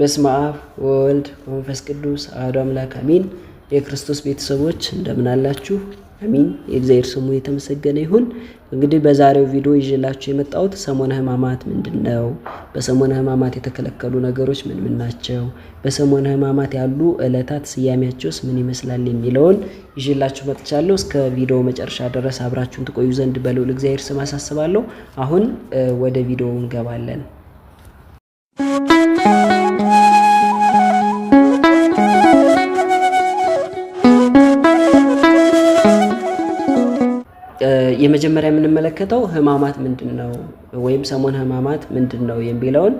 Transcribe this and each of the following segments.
በስመ አብ ወወልድ ወመንፈስ ቅዱስ አሐዱ አምላክ አሜን። የክርስቶስ ቤተሰቦች እንደምን አላችሁ? አሚን። የእግዚአብሔር ስሙ የተመሰገነ ይሁን። እንግዲህ በዛሬው ቪዲዮ ይዤላችሁ የመጣሁት ሰሞነ ሕማማት ምንድን ነው? በሰሞነ ሕማማት የተከለከሉ ነገሮች ምን ምን ናቸው? በሰሞነ ሕማማት ያሉ ዕለታት ስያሜያቸውስ ምን ይመስላል? የሚለውን ይዤላችሁ መጥቻለሁ። እስከ ቪዲዮ መጨረሻ ድረስ አብራችሁን ትቆዩ ዘንድ በልዑል እግዚአብሔር ስም አሳስባለሁ። አሁን ወደ ቪዲዮው እንገባለን። የመጀመሪያ የምንመለከተው ህማማት ምንድን ነው ወይም ሰሞን ህማማት ምንድን ነው የሚለውን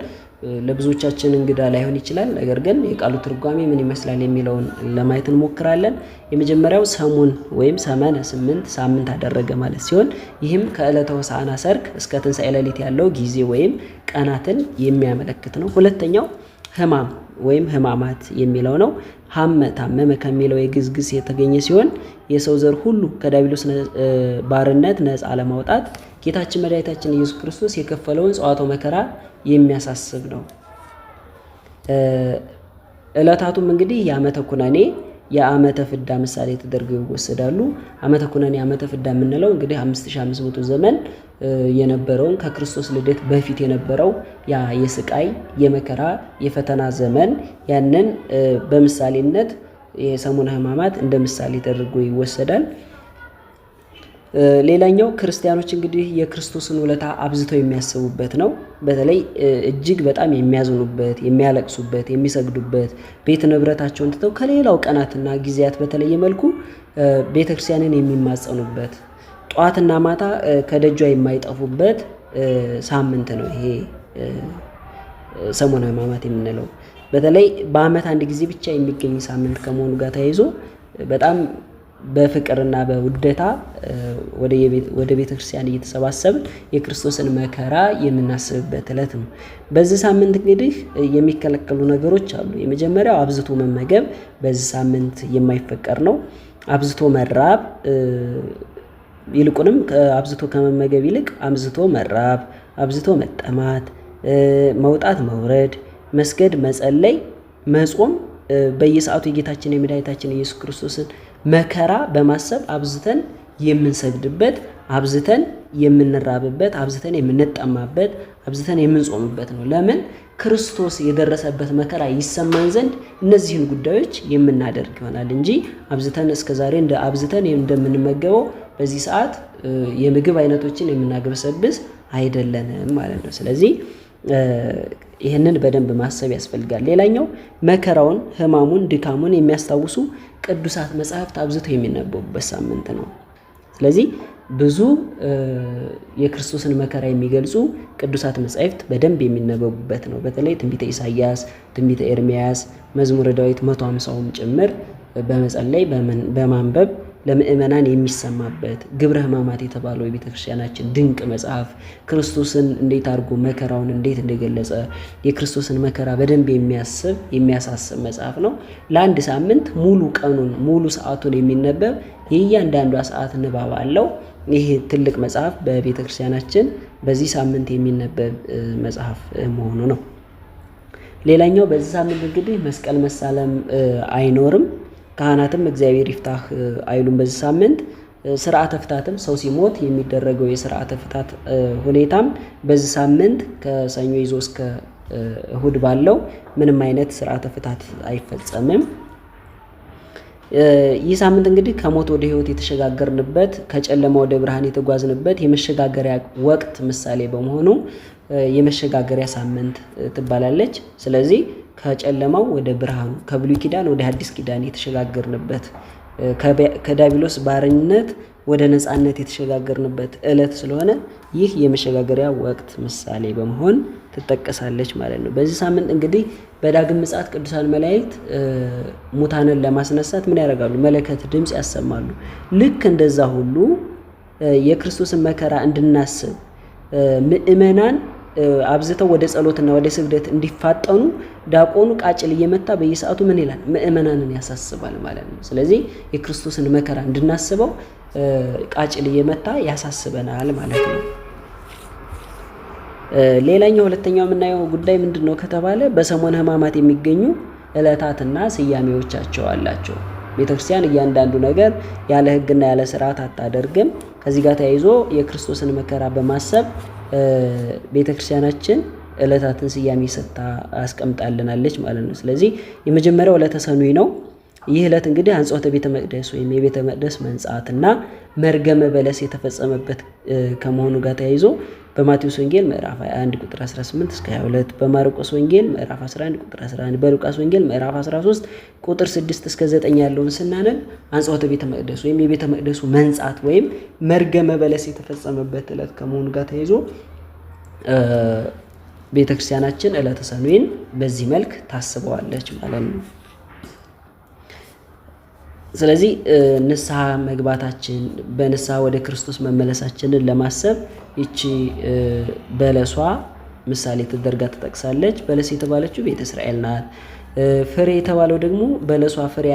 ለብዙዎቻችን እንግዳ ላይሆን ይችላል። ነገር ግን የቃሉ ትርጓሜ ምን ይመስላል የሚለውን ለማየት እንሞክራለን። የመጀመሪያው ሰሙን ወይም ሰመነ ስምንት ሳምንት አደረገ ማለት ሲሆን ይህም ከዕለተ ሆሳዕና ሰርክ እስከ ትንሣኤ ሌሊት ያለው ጊዜ ወይም ቀናትን የሚያመለክት ነው። ሁለተኛው ህማም ወይም ህማማት የሚለው ነው። ሀመ ታመመ ከሚለው የግዕዝ ግስ የተገኘ ሲሆን የሰው ዘር ሁሉ ከዲያብሎስ ባርነት ነፃ ለማውጣት ጌታችን መድኃኒታችን ኢየሱስ ክርስቶስ የከፈለውን ጽዋቶ መከራ የሚያሳስብ ነው። ዕለታቱም እንግዲህ የዓመተ ኩነኔ የዓመተ ፍዳ ምሳሌ ተደርገው ይወሰዳሉ። ዓመተ ኩነኔ ዓመተ ፍዳ የምንለው እንግዲህ 5500 ዘመን የነበረውን ከክርስቶስ ልደት በፊት የነበረው ያ የስቃይ የመከራ የፈተና ዘመን ያንን በምሳሌነት የሰሙነ ሕማማት እንደ ምሳሌ ተደርጎ ይወሰዳል። ሌላኛው ክርስቲያኖች እንግዲህ የክርስቶስን ውለታ አብዝተው የሚያስቡበት ነው። በተለይ እጅግ በጣም የሚያዝኑበት፣ የሚያለቅሱበት፣ የሚሰግዱበት ቤት ንብረታቸውን ትተው ከሌላው ቀናትና ጊዜያት በተለየ መልኩ ቤተክርስቲያንን የሚማጸኑበት ጠዋትና ማታ ከደጇ የማይጠፉበት ሳምንት ነው ይሄ ሰሞናዊ ሕማማት የምንለው። በተለይ በዓመት አንድ ጊዜ ብቻ የሚገኝ ሳምንት ከመሆኑ ጋር ተያይዞ በጣም በፍቅርና በውደታ ወደ ቤተ ክርስቲያን እየተሰባሰብን የክርስቶስን መከራ የምናስብበት ዕለት ነው። በዚህ ሳምንት እንግዲህ የሚከለከሉ ነገሮች አሉ። የመጀመሪያው አብዝቶ መመገብ በዚህ ሳምንት የማይፈቀር ነው። አብዝቶ መራብ ይልቁንም አብዝቶ ከመመገብ ይልቅ አብዝቶ መራብ፣ አብዝቶ መጠማት፣ መውጣት መውረድ፣ መስገድ፣ መጸለይ፣ መጾም በየሰዓቱ የጌታችን የመድኃኒታችን ኢየሱስ ክርስቶስን መከራ በማሰብ አብዝተን የምንሰግድበት አብዝተን የምንራብበት አብዝተን የምንጠማበት አብዝተን የምንጾምበት ነው። ለምን? ክርስቶስ የደረሰበት መከራ ይሰማን ዘንድ እነዚህን ጉዳዮች የምናደርግ ይሆናል እንጂ አብዝተን እስከዛሬ እንደ አብዝተን እንደምንመገበው በዚህ ሰዓት የምግብ አይነቶችን የምናግበሰብስ አይደለንም ማለት ነው። ስለዚህ ይህንን በደንብ ማሰብ ያስፈልጋል። ሌላኛው መከራውን፣ ህማሙን ድካሙን የሚያስታውሱ ቅዱሳት መጽሐፍት አብዝተው የሚነበቡበት ሳምንት ነው። ስለዚህ ብዙ የክርስቶስን መከራ የሚገልጹ ቅዱሳት መጻሕፍት በደንብ የሚነበቡበት ነው። በተለይ ትንቢተ ኢሳያስ ትንቢተ ኤርሚያስ፣ መዝሙረ ዳዊት መቶ ሃምሳውም ጭምር በመጸለይ በማንበብ ለምእመናን የሚሰማበት ግብረ ሕማማት የተባለው የቤተክርስቲያናችን ድንቅ መጽሐፍ ክርስቶስን እንዴት አድርጎ መከራውን እንዴት እንደገለጸ የክርስቶስን መከራ በደንብ የሚያስብ የሚያሳስብ መጽሐፍ ነው። ለአንድ ሳምንት ሙሉ ቀኑን ሙሉ ሰዓቱን የሚነበብ የእያንዳንዷ ሰዓት ንባብ አለው። ይህ ትልቅ መጽሐፍ በቤተክርስቲያናችን በዚህ ሳምንት የሚነበብ መጽሐፍ መሆኑ ነው። ሌላኛው በዚህ ሳምንት እንግዲህ መስቀል መሳለም አይኖርም። ካህናትም እግዚአብሔር ይፍታህ አይሉም በዚህ ሳምንት። ስርዓተ ፍታትም ሰው ሲሞት የሚደረገው የስርዓተ ፍታት ሁኔታም በዚህ ሳምንት ከሰኞ ይዞ እስከ እሁድ ባለው ምንም አይነት ስርዓተ ፍታት አይፈጸምም። ይህ ሳምንት እንግዲህ ከሞት ወደ ህይወት የተሸጋገርንበት ከጨለማ ወደ ብርሃን የተጓዝንበት የመሸጋገሪያ ወቅት ምሳሌ በመሆኑ የመሸጋገሪያ ሳምንት ትባላለች። ስለዚህ ከጨለማው ወደ ብርሃኑ ከብሉይ ኪዳን ወደ አዲስ ኪዳን የተሸጋገርንበት ከዳቢሎስ ባርነት ወደ ነፃነት የተሸጋገርንበት ዕለት ስለሆነ ይህ የመሸጋገሪያ ወቅት ምሳሌ በመሆን ትጠቀሳለች ማለት ነው። በዚህ ሳምንት እንግዲህ በዳግም ምጽአት ቅዱሳን መላእክት ሙታንን ለማስነሳት ምን ያደርጋሉ? መለከት ድምፅ ያሰማሉ። ልክ እንደዛ ሁሉ የክርስቶስን መከራ እንድናስብ ምእመናን አብዝተው ወደ ጸሎትና ወደ ስግደት እንዲፋጠኑ ዲያቆኑ ቃጭል እየመታ በየሰዓቱ ምን ይላል? ምእመናንን ያሳስባል ማለት ነው። ስለዚህ የክርስቶስን መከራ እንድናስበው ቃጭል እየመታ ያሳስበናል ማለት ነው። ሌላኛው ሁለተኛው የምናየው ጉዳይ ምንድን ነው ከተባለ በሰሞነ ሕማማት የሚገኙ ዕለታትና ስያሜዎቻቸው አላቸው። ቤተክርስቲያን እያንዳንዱ ነገር ያለ ሕግና ያለ ስርዓት አታደርግም። ከዚህ ጋር ተያይዞ የክርስቶስን መከራ በማሰብ ቤተክርስቲያናችን እለታትን ስያሜ ሰጥታ አስቀምጣልናለች ማለት ነው። ስለዚህ የመጀመሪያው ዕለተ ሰኑይ ነው። ይህ እለት እንግዲህ አንጽሖተ ቤተ መቅደስ ወይም የቤተ መቅደስ መንጻትና መርገመ በለስ የተፈጸመበት ከመሆኑ ጋር ተያይዞ በማቴዎስ ወንጌል ምዕራፍ 21 ቁጥር 18 እስከ 22 በማርቆስ ወንጌል ምዕራፍ 11 ቁጥር 11 በሉቃስ ወንጌል ምዕራፍ 13 ቁጥር 6 እስከ 9 ያለውን ስናነብ አንጽሖተ ቤተ መቅደስ ወይም የቤተ መቅደሱ መንጻት ወይም መርገመ በለስ የተፈጸመበት ዕለት ከመሆኑ ጋር ተይዞ ቤተክርስቲያናችን ክርስቲያናችን ዕለተ ሰኑይን በዚህ መልክ ታስበዋለች ማለት ነው። ስለዚህ ንስሐ መግባታችን በንስሐ ወደ ክርስቶስ መመለሳችንን ለማሰብ ይቺ በለሷ ምሳሌ ተደርጋ ትጠቅሳለች። በለስ የተባለችው ቤተ እስራኤል ናት። ፍሬ የተባለው ደግሞ በለሷ ፍሬ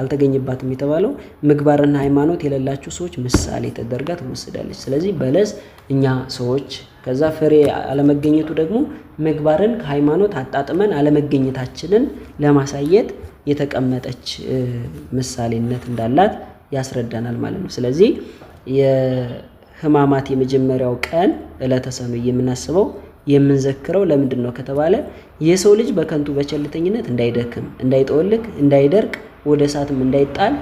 አልተገኘባትም የተባለው ምግባርና ሃይማኖት የሌላቸው ሰዎች ምሳሌ ተደርጋ ትወስዳለች። ስለዚህ በለስ እኛ ሰዎች፣ ከዛ ፍሬ አለመገኘቱ ደግሞ ምግባርን ከሃይማኖት አጣጥመን አለመገኘታችንን ለማሳየት የተቀመጠች ምሳሌነት እንዳላት ያስረዳናል ማለት ነው። ስለዚህ ህማማት የመጀመሪያው ቀን ዕለተ ሰኑይ የምናስበው የምንዘክረው ለምንድን ነው ከተባለ የሰው ልጅ በከንቱ በቸልተኝነት እንዳይደክም፣ እንዳይጠወልግ፣ እንዳይደርቅ፣ ወደ እሳትም እንዳይጣል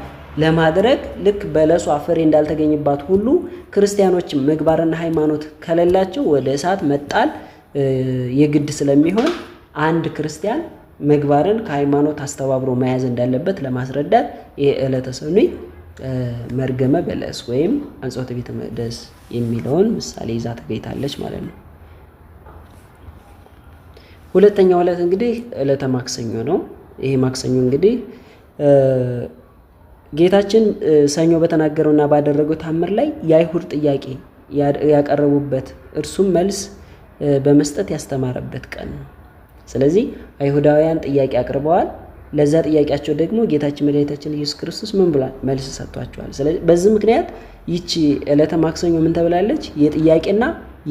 ለማድረግ ልክ በለሷ ፍሬ እንዳልተገኝባት ሁሉ ክርስቲያኖችም ምግባርና ሃይማኖት ከሌላቸው ወደ እሳት መጣል የግድ ስለሚሆን አንድ ክርስቲያን ምግባርን ከሃይማኖት አስተባብሮ መያዝ እንዳለበት ለማስረዳት ይህ ዕለተ ሰኑይ መርገመ በለስ ወይም አንጽሖተ ቤተ መቅደስ የሚለውን ምሳሌ ይዛ ትገኝታለች ማለት ነው። ሁለተኛው ዕለት እንግዲህ ዕለተ ማክሰኞ ነው። ይሄ ማክሰኞ እንግዲህ ጌታችን ሰኞ በተናገረውና ባደረገው ታምር ላይ የአይሁድ ጥያቄ ያቀረቡበት እርሱም መልስ በመስጠት ያስተማረበት ቀን ነው። ስለዚህ አይሁዳውያን ጥያቄ አቅርበዋል። ለዛ ጥያቄያቸው ደግሞ ጌታችን መድኃኒታችን ኢየሱስ ክርስቶስ ምን ብሏል? መልስ ሰጥቷቸዋል። ስለዚህ በዚህ ምክንያት ይቺ ዕለተ ማክሰኞ ምን ተብላለች? የጥያቄና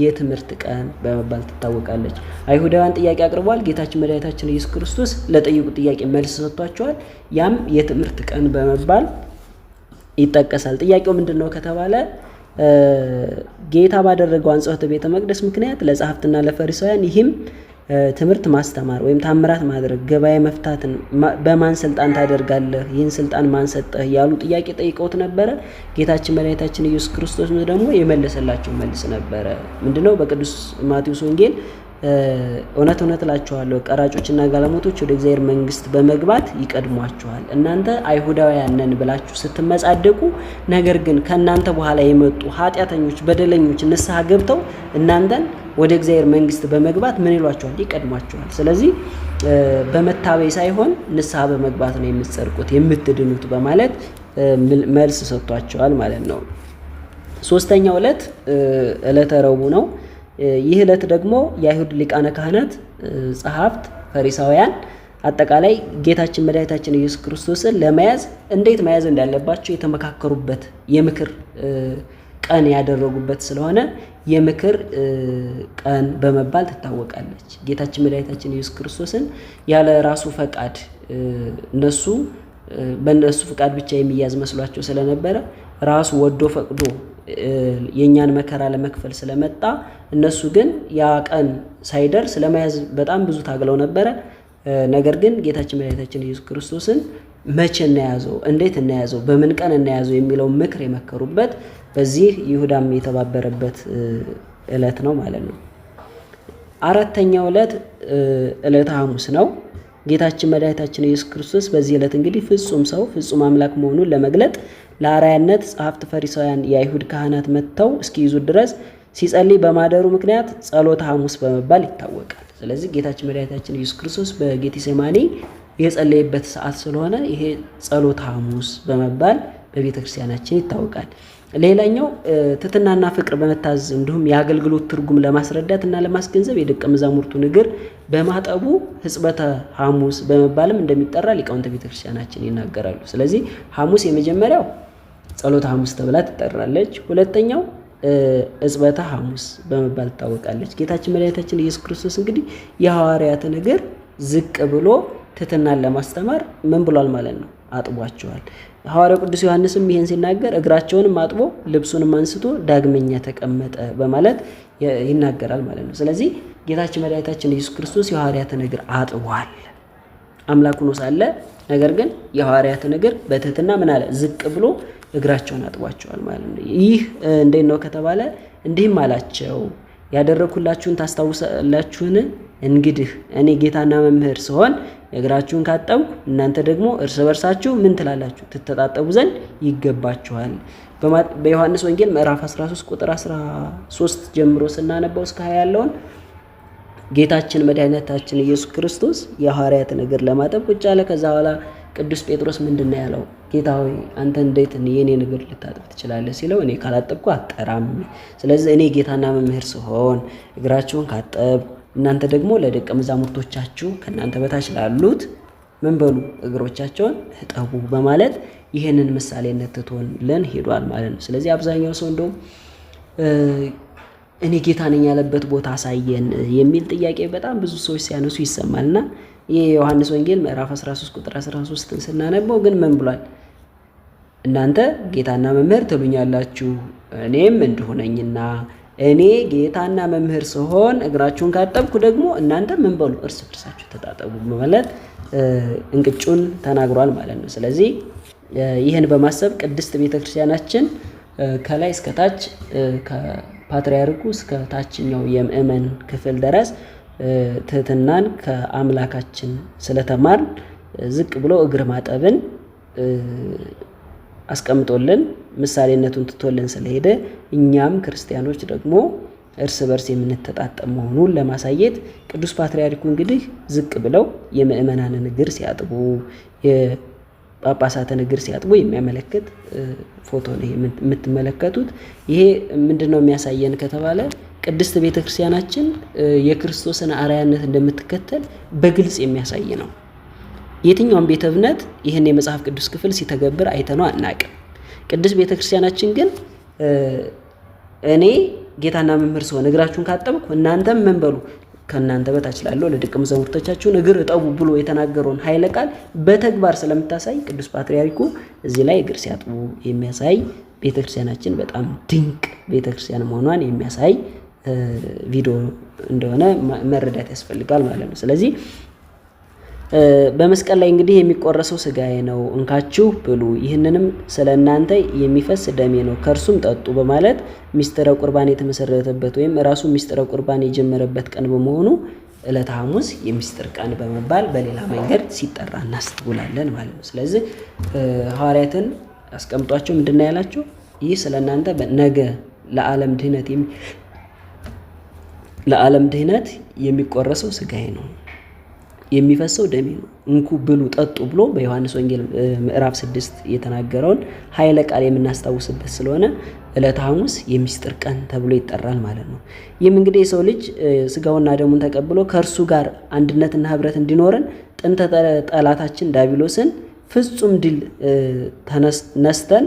የትምህርት ቀን በመባል ትታወቃለች። አይሁዳውያን ጥያቄ አቅርቧል። ጌታችን መድኃኒታችን ኢየሱስ ክርስቶስ ለጠየቁ ጥያቄ መልስ ሰጥቷቸዋል። ያም የትምህርት ቀን በመባል ይጠቀሳል። ጥያቄው ምንድን ነው ከተባለ ጌታ ባደረገው አንጽሖተ ቤተ መቅደስ ምክንያት ለጸሐፍትና ለፈሪሳውያን ይህም ትምህርት ማስተማር ወይም ታምራት ማድረግ፣ ገበያ መፍታትን በማን ስልጣን ታደርጋለህ? ይህን ስልጣን ማን ሰጠህ? ያሉ ጥያቄ ጠይቀውት ነበረ። ጌታችን መድኃኒታችን ኢየሱስ ክርስቶስ ደግሞ የመለሰላቸው መልስ ነበረ። ምንድነው? በቅዱስ ማቴዎስ ወንጌል እውነት እውነት እላችኋለሁ ቀራጮችና ጋለሞቶች ወደ እግዚአብሔር መንግስት በመግባት ይቀድሟችኋል። እናንተ አይሁዳውያን ነን ብላችሁ ስትመጻደቁ፣ ነገር ግን ከእናንተ በኋላ የመጡ ኃጢአተኞች፣ በደለኞች ንስሐ ገብተው እናንተን ወደ እግዚአብሔር መንግስት በመግባት ምን ይሏቸዋል? ይቀድሟቸዋል። ስለዚህ በመታበይ ሳይሆን ንስሐ በመግባት ነው የምትጸድቁት የምትድኑት በማለት መልስ ሰጥቷቸዋል ማለት ነው። ሶስተኛው ዕለት ዕለተ ረቡዕ ነው። ይህ ዕለት ደግሞ የአይሁድ ሊቃነ ካህናት፣ ጸሐፍት፣ ፈሪሳውያን አጠቃላይ ጌታችን መድኃኒታችን ኢየሱስ ክርስቶስን ለመያዝ እንዴት መያዝ እንዳለባቸው የተመካከሩበት የምክር ቀን ያደረጉበት ስለሆነ የምክር ቀን በመባል ትታወቃለች። ጌታችን መድኃኒታችን ኢየሱስ ክርስቶስን ያለ ራሱ ፈቃድ እነሱ በእነሱ ፍቃድ ብቻ የሚያዝ መስሏቸው ስለነበረ ራሱ ወዶ ፈቅዶ የእኛን መከራ ለመክፈል ስለመጣ እነሱ ግን ያ ቀን ሳይደርስ ለመያዝ በጣም ብዙ ታግለው ነበረ። ነገር ግን ጌታችን መድኃኒታችን ኢየሱስ ክርስቶስን መቼ እናያዘው፣ እንዴት እናያዘው፣ በምን ቀን እናያዘው የሚለው ምክር የመከሩበት በዚህ ይሁዳም የተባበረበት ዕለት ነው ማለት ነው። አራተኛው ዕለት ዕለተ ሐሙስ ነው። ጌታችን መድኃኒታችን ኢየሱስ ክርስቶስ በዚህ ዕለት እንግዲህ ፍጹም ሰው ፍጹም አምላክ መሆኑን ለመግለጥ ለአርአያነት ጸሐፍት ፈሪሳውያን የአይሁድ ካህናት መጥተው እስኪይዙ ድረስ ሲጸልይ በማደሩ ምክንያት ጸሎተ ሐሙስ በመባል ይታወቃል። ስለዚህ ጌታችን መድኃኒታችን ኢየሱስ ክርስቶስ በጌቴሴማኒ የጸለየበት ሰዓት ስለሆነ ይሄ ጸሎተ ሐሙስ በመባል በቤተ ክርስቲያናችን ይታወቃል። ሌላኛው ትህትናና ፍቅር በመታዘዝ እንዲሁም የአገልግሎት ትርጉም ለማስረዳት እና ለማስገንዘብ የደቀ መዛሙርቱን እግር በማጠቡ ሕጽበተ ሐሙስ በመባልም እንደሚጠራ ሊቃውንተ ቤተክርስቲያናችን ይናገራሉ። ስለዚህ ሐሙስ የመጀመሪያው ጸሎተ ሐሙስ ተብላ ትጠራለች። ሁለተኛው ሕጽበተ ሐሙስ በመባል ትታወቃለች። ጌታችን መድኃኒታችን ኢየሱስ ክርስቶስ እንግዲህ የሐዋርያትን እግር ዝቅ ብሎ ትህትናን ለማስተማር ምን ብሏል ማለት ነው? አጥቧቸዋል። ሐዋርያው ቅዱስ ዮሐንስም ይሄን ሲናገር እግራቸውንም አጥቦ ልብሱንም አንስቶ ዳግመኛ ተቀመጠ በማለት ይናገራል ማለት ነው። ስለዚህ ጌታችን መድኃኒታችን ኢየሱስ ክርስቶስ የሐዋርያትን እግር አጥቧል። አምላክ ሆኖ ሳለ ነገር ግን የሐዋርያትን እግር በትህትና ምን አለ ዝቅ ብሎ እግራቸውን አጥቧቸዋል ማለት ነው። ይህ እንዴት ነው ከተባለ እንዲህም አላቸው ያደረግኩላችሁን ታስታውሳላችሁን? እንግዲህ እኔ ጌታና መምህር ስሆን እግራችሁን ካጠብኩ እናንተ ደግሞ እርስ በርሳችሁ ምን ትላላችሁ? ትተጣጠቡ ዘንድ ይገባችኋል። በዮሐንስ ወንጌል ምዕራፍ 13 ቁጥር 13 ጀምሮ ስናነባው እስከ 20 ያለውን ጌታችን መድኃኒታችን ኢየሱስ ክርስቶስ የሐዋርያትን እግር ለማጠብ ቁጭ አለ። ከዛ በኋላ ቅዱስ ጴጥሮስ ምንድን ነው ያለው? ጌታ ሆይ አንተ እንዴት የኔን እግር ልታጥብ ትችላለህ? ሲለው እኔ ካላጠብኩ አጠራም። ስለዚህ እኔ ጌታና መምህር ስሆን እግራችሁን ካጠብኩ እናንተ ደግሞ ለደቀ መዛሙርቶቻችሁ ከእናንተ በታች ላሉት ምን በሉ እግሮቻቸውን እጠቡ በማለት ይህንን ምሳሌነት ትቶልን ሄዷል ማለት ነው። ስለዚህ አብዛኛው ሰው እንደውም እኔ ጌታ ነኝ ያለበት ቦታ አሳየን የሚል ጥያቄ በጣም ብዙ ሰዎች ሲያነሱ ይሰማልና ይህ የዮሐንስ ወንጌል ምዕራፍ 13 ቁጥር 13 ስናነበው ግን ምን ብሏል? እናንተ ጌታና መምህር ትሉኛላችሁ እኔም እንዲሁ ነኝና እኔ ጌታና መምህር ስሆን እግራችሁን ካጠብኩ ደግሞ እናንተ ምን በሉ እርስ በርሳችሁ ተጣጠቡ ማለት እንቅጩን ተናግሯል ማለት ነው። ስለዚህ ይህን በማሰብ ቅድስት ቤተክርስቲያናችን ከላይ እስከታች ከፓትርያርኩ እስከ ታችኛው የምእመን ክፍል ድረስ ትህትናን ከአምላካችን ስለተማር ዝቅ ብሎ እግር ማጠብን አስቀምጦልን ምሳሌነቱን ትቶልን ስለሄደ እኛም ክርስቲያኖች ደግሞ እርስ በርስ የምንተጣጠም መሆኑን ለማሳየት ቅዱስ ፓትርያርኩ እንግዲህ ዝቅ ብለው የምእመናንን እግር ሲያጥቡ ጳጳሳትን እግር ሲያጥቡ የሚያመለክት ፎቶ ነው የምትመለከቱት። ይሄ ምንድን ነው የሚያሳየን ከተባለ ቅድስት ቤተ ክርስቲያናችን የክርስቶስን አርአያነት እንደምትከተል በግልጽ የሚያሳይ ነው። የትኛውም ቤተ እምነት ይህን የመጽሐፍ ቅዱስ ክፍል ሲተገብር አይተነው አናቅም። ቅድስት ቤተ ክርስቲያናችን ግን እኔ ጌታና መምህር ስሆን እግራችሁን ካጠብኩ እናንተም ምን በሉ ከእናንተ በታች ላለው ለደቀ መዛሙርቶቻችሁን እግር እጠቡ ብሎ የተናገረውን ኃይለ ቃል በተግባር ስለምታሳይ ቅዱስ ፓትርያርኩ እዚህ ላይ እግር ሲያጥቡ የሚያሳይ ቤተክርስቲያናችን በጣም ድንቅ ቤተክርስቲያን መሆኗን የሚያሳይ ቪዲዮ እንደሆነ መረዳት ያስፈልጋል ማለት ነው። ስለዚህ በመስቀል ላይ እንግዲህ የሚቆረሰው ስጋዬ ነው፣ እንካችሁ ብሉ፣ ይህንንም ስለ እናንተ የሚፈስ ደሜ ነው፣ ከእርሱም ጠጡ በማለት ሚስጥረ ቁርባን የተመሰረተበት ወይም ራሱ ሚስጥረ ቁርባን የጀመረበት ቀን በመሆኑ ዕለተ ሐሙስ የሚስጥር ቀን በመባል በሌላ መንገድ ሲጠራ እናስተውላለን ማለት ነው። ስለዚህ ሐዋርያትን አስቀምጧቸው ምንድን ነው ያላቸው? ይህ ስለ እናንተ ነገ ለዓለም ድህነት ለዓለም ድህነት የሚቆረሰው ስጋዬ ነው የሚፈሰው ደሜ ነው፣ እንኩ ብሉ ጠጡ ብሎ በዮሐንስ ወንጌል ምዕራፍ ስድስት የተናገረውን ኃይለ ቃል የምናስታውስበት ስለሆነ ዕለተ ሐሙስ የሚስጥር ቀን ተብሎ ይጠራል ማለት ነው። ይህም እንግዲህ የሰው ልጅ ስጋውና ደሙን ተቀብሎ ከእርሱ ጋር አንድነትና ህብረት እንዲኖረን ጥንተ ጠላታችን ዳቢሎስን ፍጹም ድል ነስተን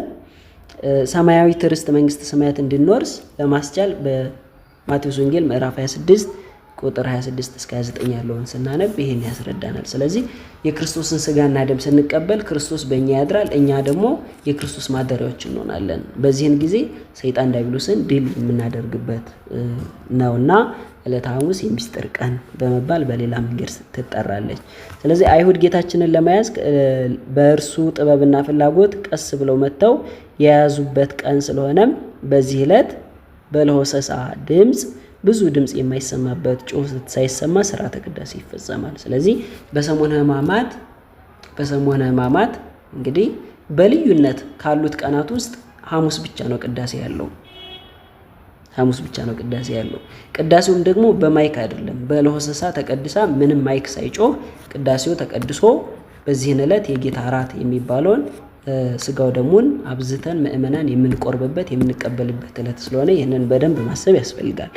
ሰማያዊ ትርስት መንግስተ ሰማያት እንድንወርስ ለማስቻል በማቴዎስ ወንጌል ምዕራፍ 26 ቁጥር 26 እስከ 29 ያለውን ስናነብ ይሄን ያስረዳናል። ስለዚህ የክርስቶስን ስጋና ደም ስንቀበል ክርስቶስ በእኛ ያድራል፣ እኛ ደግሞ የክርስቶስ ማደሪያዎች እንሆናለን። በዚህን ጊዜ ሰይጣን ዲያብሎስን ድል የምናደርግበት ነውና ዕለተ ሐሙስ የሚስጥር ቀን በመባል በሌላ መንገድ ትጠራለች። ስለዚህ አይሁድ ጌታችንን ለመያዝ በእርሱ ጥበብና ፍላጎት ቀስ ብለው መጥተው የያዙበት ቀን ስለሆነም በዚህ ዕለት በለሆሰሳ ድምፅ ብዙ ድምፅ የማይሰማበት ጩኸት ሳይሰማ ስርዓተ ቅዳሴ ይፈጸማል። ስለዚህ በሰሞነ ሕማማት በሰሙነ ሕማማት እንግዲህ በልዩነት ካሉት ቀናት ውስጥ ሐሙስ ብቻ ነው ቅዳሴ ያለው። ሐሙስ ብቻ ነው ቅዳሴ ያለው። ቅዳሴውም ደግሞ በማይክ አይደለም። በለሆሰሳ ተቀድሳ ምንም ማይክ ሳይጮህ ቅዳሴው ተቀድሶ በዚህን ዕለት የጌታ እራት የሚባለውን ስጋው ደሙን አብዝተን ምእመናን የምንቆርብበት የምንቀበልበት ዕለት ስለሆነ ይህንን በደንብ ማሰብ ያስፈልጋል።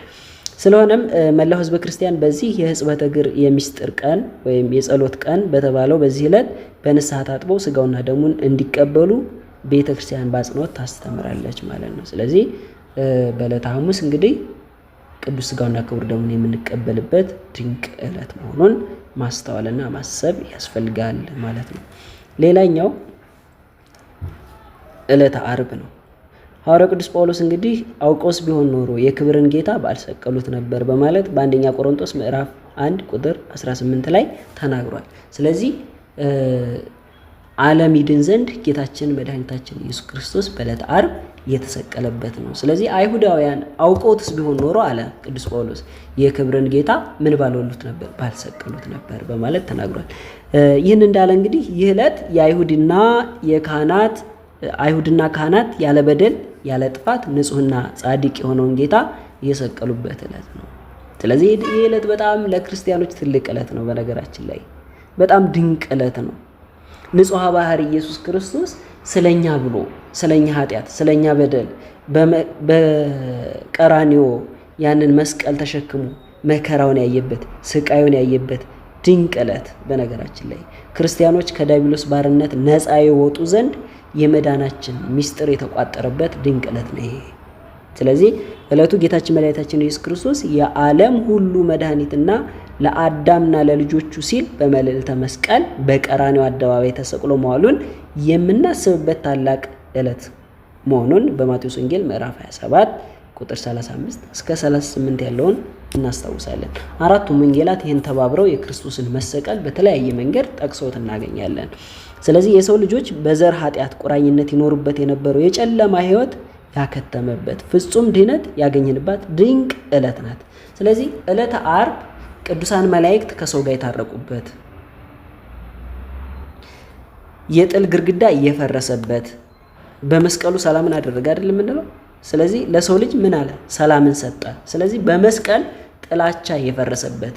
ስለሆነም መላው ህዝበ ክርስቲያን በዚህ የህጽበተ እግር የሚስጥር ቀን ወይም የጸሎት ቀን በተባለው በዚህ ዕለት በንስሐ ታጥበው ስጋውና ደሙን እንዲቀበሉ ቤተ ክርስቲያን በአጽንኦት ታስተምራለች ማለት ነው። ስለዚህ በዕለተ ሐሙስ እንግዲህ ቅዱስ ስጋውና ክቡር ደሙን የምንቀበልበት ድንቅ ዕለት መሆኑን ማስተዋልና ማሰብ ያስፈልጋል ማለት ነው። ሌላኛው ዕለተ አርብ ነው። ሐዋርያው ቅዱስ ጳውሎስ እንግዲህ አውቆስ ቢሆን ኖሮ የክብርን ጌታ ባልሰቀሉት ነበር በማለት በአንደኛ ቆሮንቶስ ምዕራፍ 1 ቁጥር 18 ላይ ተናግሯል። ስለዚህ ዓለም ይድን ዘንድ ጌታችን መድኃኒታችን ኢየሱስ ክርስቶስ በዕለተ አርብ የተሰቀለበት ነው። ስለዚህ አይሁዳውያን አውቀውትስ ቢሆን ኖሮ አለ ቅዱስ ጳውሎስ የክብርን ጌታ ምን ባልወሉት ነበር ባልሰቀሉት ነበር በማለት ተናግሯል። ይህን እንዳለ እንግዲህ ይህ ዕለት የአይሁድና የካህናት አይሁድና ካህናት ያለ በደል ያለ ጥፋት ንጹህና ጻድቅ የሆነውን ጌታ እየሰቀሉበት ዕለት ነው። ስለዚህ ይህ ዕለት በጣም ለክርስቲያኖች ትልቅ ዕለት ነው። በነገራችን ላይ በጣም ድንቅ ዕለት ነው። ንጹሐ ባህር ኢየሱስ ክርስቶስ ስለኛ ብሎ ስለኛ ኃጢአት፣ ስለኛ በደል በቀራኒዮ ያንን መስቀል ተሸክሞ መከራውን ያየበት ስቃዩን ያየበት ድንቅ ዕለት በነገራችን ላይ ክርስቲያኖች ከዳቢሎስ ባርነት ነፃ የወጡ ዘንድ የመዳናችን ምስጢር የተቋጠረበት ድንቅ ዕለት ነው ይሄ። ስለዚህ ዕለቱ ጌታችን መድኃኒታችን ኢየሱስ ክርስቶስ የዓለም ሁሉ መድኃኒትና ለአዳምና ለልጆቹ ሲል በመልዕልተ መስቀል በቀራኔው አደባባይ ተሰቅሎ መዋሉን የምናስብበት ታላቅ ዕለት መሆኑን በማቴዎስ ወንጌል ምዕራፍ 27 ቁጥር 35 እስከ 38 ያለውን እናስታውሳለን። አራቱም ወንጌላት ይህን ተባብረው የክርስቶስን መሰቀል በተለያየ መንገድ ጠቅሰውት እናገኛለን። ስለዚህ የሰው ልጆች በዘር ኃጢአት ቁራኝነት ይኖሩበት የነበረው የጨለማ ህይወት ያከተመበት ፍጹም ድህነት ያገኝንባት ድንቅ ዕለት ናት። ስለዚህ ዕለተ አርብ ቅዱሳን መላእክት ከሰው ጋር የታረቁበት፣ የጥል ግርግዳ እየፈረሰበት በመስቀሉ ሰላምን አደረገ አይደል የምንለው ስለዚህ ለሰው ልጅ ምን አለ? ሰላምን ሰጠ። ስለዚህ በመስቀል ጥላቻ የፈረሰበት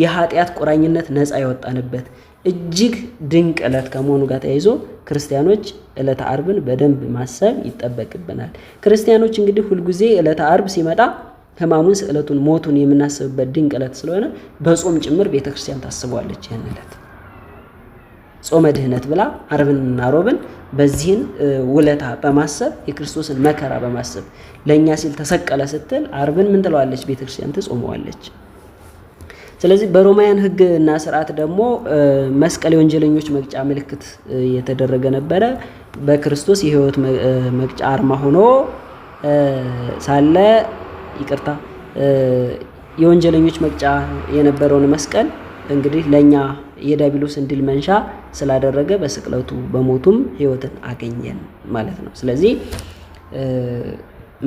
የኃጢአት ቁራኝነት ነፃ የወጣንበት እጅግ ድንቅ ዕለት ከመሆኑ ጋር ተያይዞ ክርስቲያኖች ዕለተ አርብን በደንብ ማሰብ ይጠበቅብናል። ክርስቲያኖች እንግዲህ ሁልጊዜ ዕለተ አርብ ሲመጣ ሕማሙን፣ ስዕለቱን፣ ሞቱን የምናስብበት ድንቅ ዕለት ስለሆነ በጾም ጭምር ቤተክርስቲያን ታስቧለች ይህን ዕለት ጾመ ድህነት ብላ አርብንና ሮብን በዚህን ውለታ በማሰብ የክርስቶስን መከራ በማሰብ ለእኛ ሲል ተሰቀለ ስትል አርብን ምን ትለዋለች? ቤተክርስቲያን ትጾመዋለች። ስለዚህ በሮማውያን ሕግ እና ስርዓት ደግሞ መስቀል የወንጀለኞች መቅጫ ምልክት የተደረገ ነበረ። በክርስቶስ የሕይወት መቅጫ አርማ ሆኖ ሳለ ይቅርታ የወንጀለኞች መቅጫ የነበረውን መስቀል እንግዲህ ለእኛ የዲያብሎስን ድል መንሻ ስላደረገ በስቅለቱ በሞቱም ህይወትን አገኘን ማለት ነው። ስለዚህ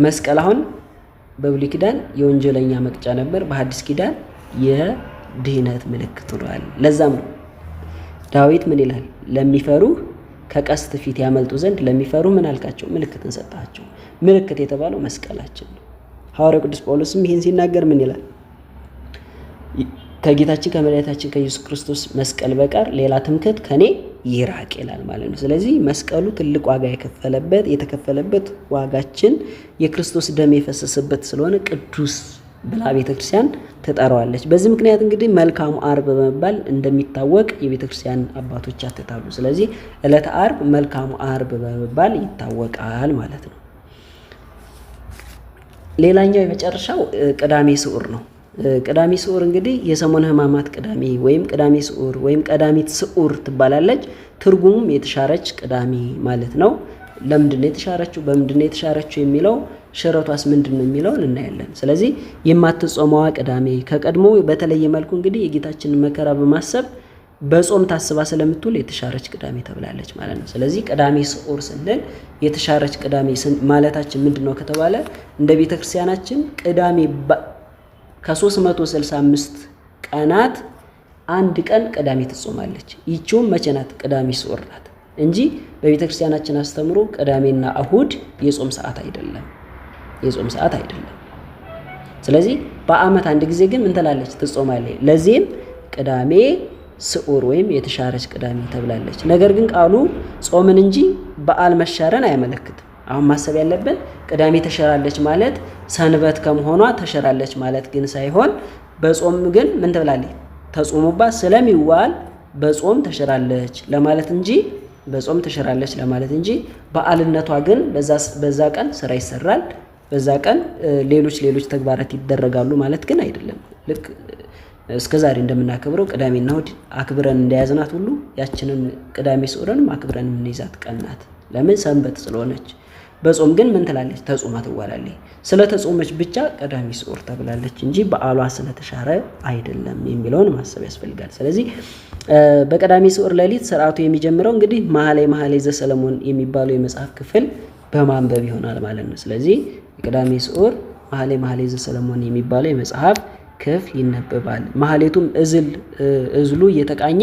መስቀል አሁን በብሉይ ኪዳን የወንጀለኛ መቅጫ ነበር፣ በሐዲስ ኪዳን የድህነት ምልክት ሆኗል። ለዛም ነው ዳዊት ምን ይላል? ለሚፈሩ ከቀስት ፊት ያመልጡ ዘንድ ለሚፈሩ ምን አልካቸው? ምልክትን ሰጣቸው። ምልክት የተባለው መስቀላችን ነው። ሐዋርያው ቅዱስ ጳውሎስም ይህን ሲናገር ምን ይላል? ከጌታችን ከመድኃኒታችን ከኢየሱስ ክርስቶስ መስቀል በቀር ሌላ ትምክህት ከኔ ይራቅ ይላል ማለት ነው። ስለዚህ መስቀሉ ትልቅ ዋጋ የከፈለበት የተከፈለበት ዋጋችን የክርስቶስ ደም የፈሰሰበት ስለሆነ ቅዱስ ብላ ቤተክርስቲያን ትጠራዋለች። በዚህ ምክንያት እንግዲህ መልካሙ አርብ በመባል እንደሚታወቅ የቤተክርስቲያን አባቶች ያትታሉ። ስለዚህ ዕለተ አርብ መልካሙ አርብ በመባል ይታወቃል ማለት ነው። ሌላኛው የመጨረሻው ቅዳሜ ስዑር ነው። ቅዳሜ ስዑር እንግዲህ የሰሞነ ህማማት ቅዳሜ ወይም ቅዳሜ ስዑር ወይም ቀዳሚት ስዑር ትባላለች። ትርጉሙም የተሻረች ቅዳሜ ማለት ነው። ለምንድነው የተሻረችው? በምንድነው የተሻረችው የሚለው ሽረቷስ ምንድን ነው የሚለውን እናያለን። ስለዚህ የማትጾመዋ ቅዳሜ ከቀድሞ በተለየ መልኩ እንግዲህ የጌታችንን መከራ በማሰብ በጾም ታስባ ስለምትውል የተሻረች ቅዳሜ ተብላለች ማለት ነው። ስለዚህ ቅዳሜ ስዑር ስንል የተሻረች ቅዳሜ ማለታችን ምንድን ነው ከተባለ እንደ ቤተክርስቲያናችን ቅዳሜ ከ365 ቀናት አንድ ቀን ቅዳሜ ትጾማለች። ይቺውም መቼ ናት? ቅዳሜ ስዑር ናት እንጂ በቤተ ክርስቲያናችን አስተምሮ ቅዳሜና እሁድ የጾም ሰዓት አይደለም፣ የጾም ሰዓት አይደለም። ስለዚህ በዓመት አንድ ጊዜ ግን ምን ትላለች? ትጾማለች። ለዚህም ቅዳሜ ስዑር ወይም የተሻረች ቅዳሜ ተብላለች። ነገር ግን ቃሉ ጾምን እንጂ በዓል መሻረን አያመለክትም። አሁን ማሰብ ያለብን ቅዳሜ ተሸራለች ማለት ሰንበት ከመሆኗ ተሸራለች ማለት ግን ሳይሆን በጾም ግን ምን ትብላለች? ተጾሙባት ስለሚዋል በጾም ተሸራለች ለማለት እንጂ በጾም ተሸራለች ለማለት እንጂ በዓልነቷ ግን በዛ ቀን ስራ ይሰራል፣ በዛ ቀን ሌሎች ሌሎች ተግባራት ይደረጋሉ ማለት ግን አይደለም። ልክ እስከ ዛሬ እንደምናከብረው ቅዳሜና እሑድ አክብረን እንደያዝናት ሁሉ ያችንን ቅዳሜ ስዑረንም አክብረን የምንይዛት ቀን ናት። ለምን ሰንበት ስለሆነች በጾም ግን ምን ትላለች? ተጾማ ትዋላለች። ስለ ተጾመች ብቻ ቀዳሚ ስዑር ተብላለች እንጂ በዓሏ ስለተሻረ አይደለም የሚለውን ማሰብ ያስፈልጋል። ስለዚህ በቀዳሚ ስዑር ሌሊት ስርዓቱ የሚጀምረው እንግዲህ መኃልየ መኃልየ ዘሰለሞን የሚባለው የመጽሐፍ ክፍል በማንበብ ይሆናል ማለት ነው። ስለዚህ የቀዳሚ ስዑር መኃልየ መኃልየ ዘሰለሞን የሚባለው የመጽሐፍ ክፍል ይነበባል። መሀሌቱም እዝል እዝሉ እየተቃኘ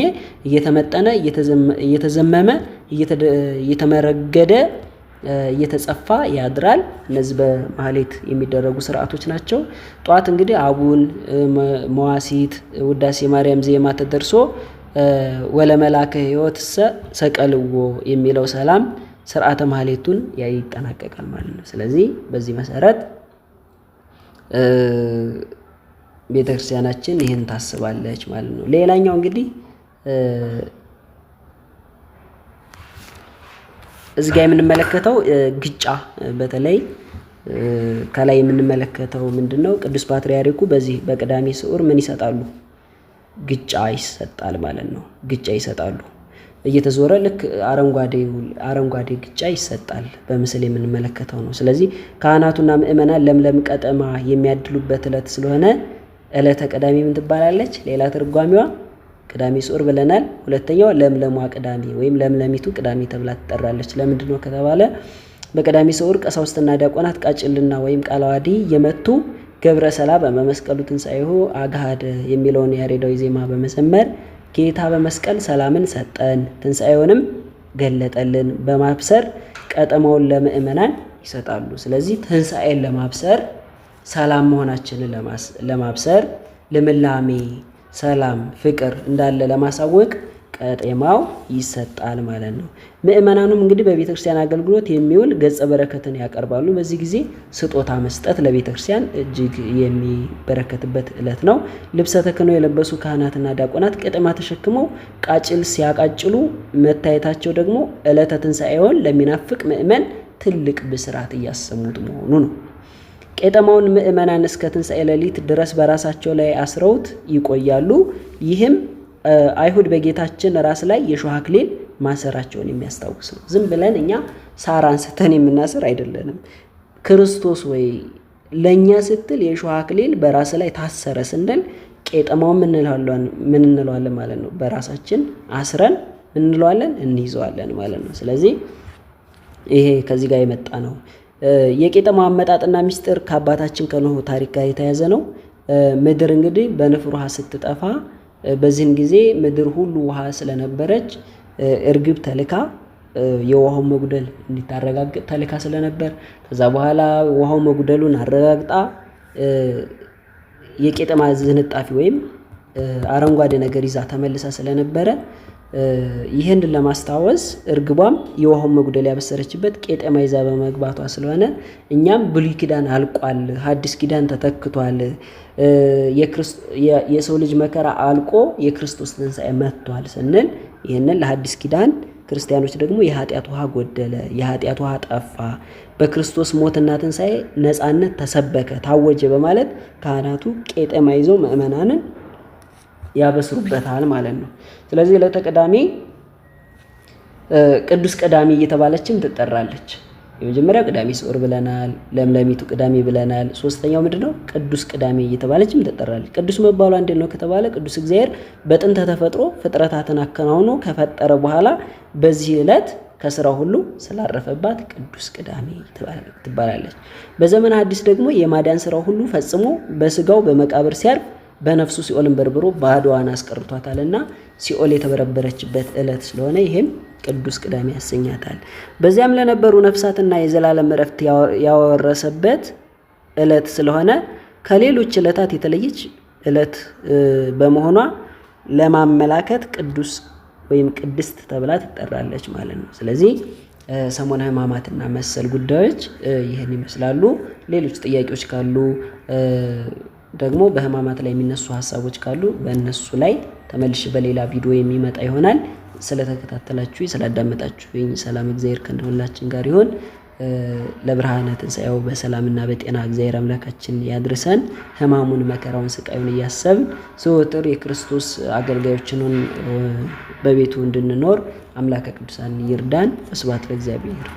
እየተመጠነ እየተዘመመ እየተመረገደ እየተጸፋ ያድራል። እነዚህ በማህሌት የሚደረጉ ስርዓቶች ናቸው። ጠዋት እንግዲህ አቡን፣ መዋሲት፣ ውዳሴ ማርያም ዜማ ተደርሶ ወለመላከ ህይወት ሰ ሰቀልዎ የሚለው ሰላም ስርዓተ ማህሌቱን ይጠናቀቃል ማለት ነው። ስለዚህ በዚህ መሰረት ቤተክርስቲያናችን ይህን ታስባለች ማለት ነው። ሌላኛው እንግዲህ እዚህ ጋር የምንመለከተው ግጫ በተለይ ከላይ የምንመለከተው ምንድን ነው? ቅዱስ ፓትርያርኩ በዚህ በቅዳሜ ስዑር ምን ይሰጣሉ? ግጫ ይሰጣል ማለት ነው። ግጫ ይሰጣሉ እየተዞረ ልክ አረንጓዴ ግጫ ይሰጣል። በምስል የምንመለከተው ነው። ስለዚህ ካህናቱና ምእመናን ለምለም ቀጠማ የሚያድሉበት ዕለት ስለሆነ ዕለተ ቀዳሚ ምን ትባላለች? ሌላ ትርጓሚዋ ቅዳሜ ስዑር ብለናል። ሁለተኛው ለምለሟ ቅዳሜ ወይም ለምለሚቱ ቅዳሜ ተብላ ትጠራለች። ለምንድን ነው ከተባለ በቅዳሜ ስዑር ቀሳውስትና ዲያቆናት ቃጭልና ወይም ቃላዋዲ የመቱ ገብረ ሰላ በመመስቀሉ ትንሣኤሁ አግሃደ የሚለውን ያሬዳዊ ዜማ በመዘመር ጌታ በመስቀል ሰላምን ሰጠን ትንሣኤውንም ገለጠልን በማብሰር ቀጠማውን ለምእመናን ይሰጣሉ። ስለዚህ ትንሣኤን ለማብሰር ሰላም መሆናችንን ለማብሰር ልምላሜ ሰላም፣ ፍቅር እንዳለ ለማሳወቅ ቀጤማው ይሰጣል ማለት ነው። ምእመናኑም እንግዲህ በቤተ ክርስቲያን አገልግሎት የሚውል ገጸ በረከትን ያቀርባሉ። በዚህ ጊዜ ስጦታ መስጠት ለቤተ ክርስቲያን እጅግ የሚበረከትበት ዕለት ነው። ልብሰ ተክህኖ የለበሱ ካህናትና ዲያቆናት ቀጤማ ተሸክመው ቃጭል ሲያቃጭሉ መታየታቸው ደግሞ ዕለተ ትንሣኤውን ለሚናፍቅ ምእመን ትልቅ ብስራት እያሰሙት መሆኑ ነው። ቄጠማውን ምእመናን እስከ ትንሣኤ ሌሊት ድረስ በራሳቸው ላይ አስረውት ይቆያሉ። ይህም አይሁድ በጌታችን ራስ ላይ የሾህ አክሊል ማሰራቸውን የሚያስታውስ ነው። ዝም ብለን እኛ ሳር አንስተን የምናስር አይደለንም። ክርስቶስ ወይ ለእኛ ስትል የሾህ አክሊል በራስ ላይ ታሰረ ስንል ቄጠማው ምን እንለዋለን ማለት ነው። በራሳችን አስረን እንለዋለን እንይዘዋለን ማለት ነው። ስለዚህ ይሄ ከዚህ ጋር የመጣ ነው። የቄጠማ አመጣጥና ሚስጥር ከአባታችን ከኖህ ታሪክ ጋር የተያዘ ነው። ምድር እንግዲህ በንፍር ውሃ ስትጠፋ፣ በዚህን ጊዜ ምድር ሁሉ ውሃ ስለነበረች እርግብ ተልካ የውሃው መጉደል እንዲታረጋግጥ ተልካ ስለነበር ከዛ በኋላ ውሃው መጉደሉን አረጋግጣ የቄጠማ ዝንጣፊ ወይም አረንጓዴ ነገር ይዛ ተመልሳ ስለነበረ ይህንን ለማስታወስ እርግቧም የውሃውን መጉደል ያበሰረችበት ቄጠማ ይዛ በመግባቷ ስለሆነ እኛም ብሉይ ኪዳን አልቋል፣ ሐዲስ ኪዳን ተተክቷል፣ የሰው ልጅ መከራ አልቆ የክርስቶስ ትንሣኤ መጥቷል ስንል ይህንን ለሐዲስ ኪዳን ክርስቲያኖች ደግሞ የኃጢአት ውሃ ጎደለ፣ የኃጢአት ውሃ ጠፋ፣ በክርስቶስ ሞትና ትንሣኤ ነፃነት ተሰበከ፣ ታወጀ በማለት ካህናቱ ቄጠማ ይዘው ምእመናንን ያበስሩበታል ማለት ነው። ስለዚህ ዕለተ ቅዳሜ ቅዱስ ቅዳሜ እየተባለችም ትጠራለች። የመጀመሪያው ቅዳሜ ስዑር ብለናል፣ ለምለሚቱ ቅዳሜ ብለናል። ሶስተኛው ምንድነው? ቅዱስ ቅዳሜ እየተባለችም ትጠራለች። ቅዱስ መባሉ እንዴት ነው ከተባለ ቅዱስ እግዚአብሔር በጥንተ ተፈጥሮ ፍጥረታትን አከናውኖ ከፈጠረ በኋላ በዚህ ዕለት ከስራ ሁሉ ስላረፈባት ቅዱስ ቅዳሜ ትባላለች። በዘመነ ሐዲስ ደግሞ የማዳን ስራ ሁሉ ፈጽሞ በስጋው በመቃብር ሲያርፍ በነፍሱ ሲኦልን በርብሮ ባዶዋን አስቀርቷታል እና ሲኦል የተበረበረችበት ዕለት ስለሆነ ይህም ቅዱስ ቅዳሜ ያሰኛታል። በዚያም ለነበሩ ነፍሳትና የዘላለም እረፍት ያወረሰበት ዕለት ስለሆነ ከሌሎች ዕለታት የተለየች ዕለት በመሆኗ ለማመላከት ቅዱስ ወይም ቅድስት ተብላ ትጠራለች ማለት ነው። ስለዚህ ሰሞነ ሕማማትና መሰል ጉዳዮች ይህን ይመስላሉ። ሌሎች ጥያቄዎች ካሉ ደግሞ በህማማት ላይ የሚነሱ ሀሳቦች ካሉ በእነሱ ላይ ተመልሽ በሌላ ቪዲዮ የሚመጣ ይሆናል። ስለተከታተላችሁ ስላዳመጣችሁኝ ሰላም እግዚአብሔር ከሁላችን ጋር ይሆን። ለብርሃነ ትንሣኤው በሰላምና በጤና እግዚአብሔር አምላካችን ያድርሰን። ህማሙን፣ መከራውን፣ ስቃዩን እያሰብን ዘወትር የክርስቶስ አገልጋዮችንን በቤቱ እንድንኖር አምላከ ቅዱሳን ይርዳን። ስብሐት ለእግዚአብሔር።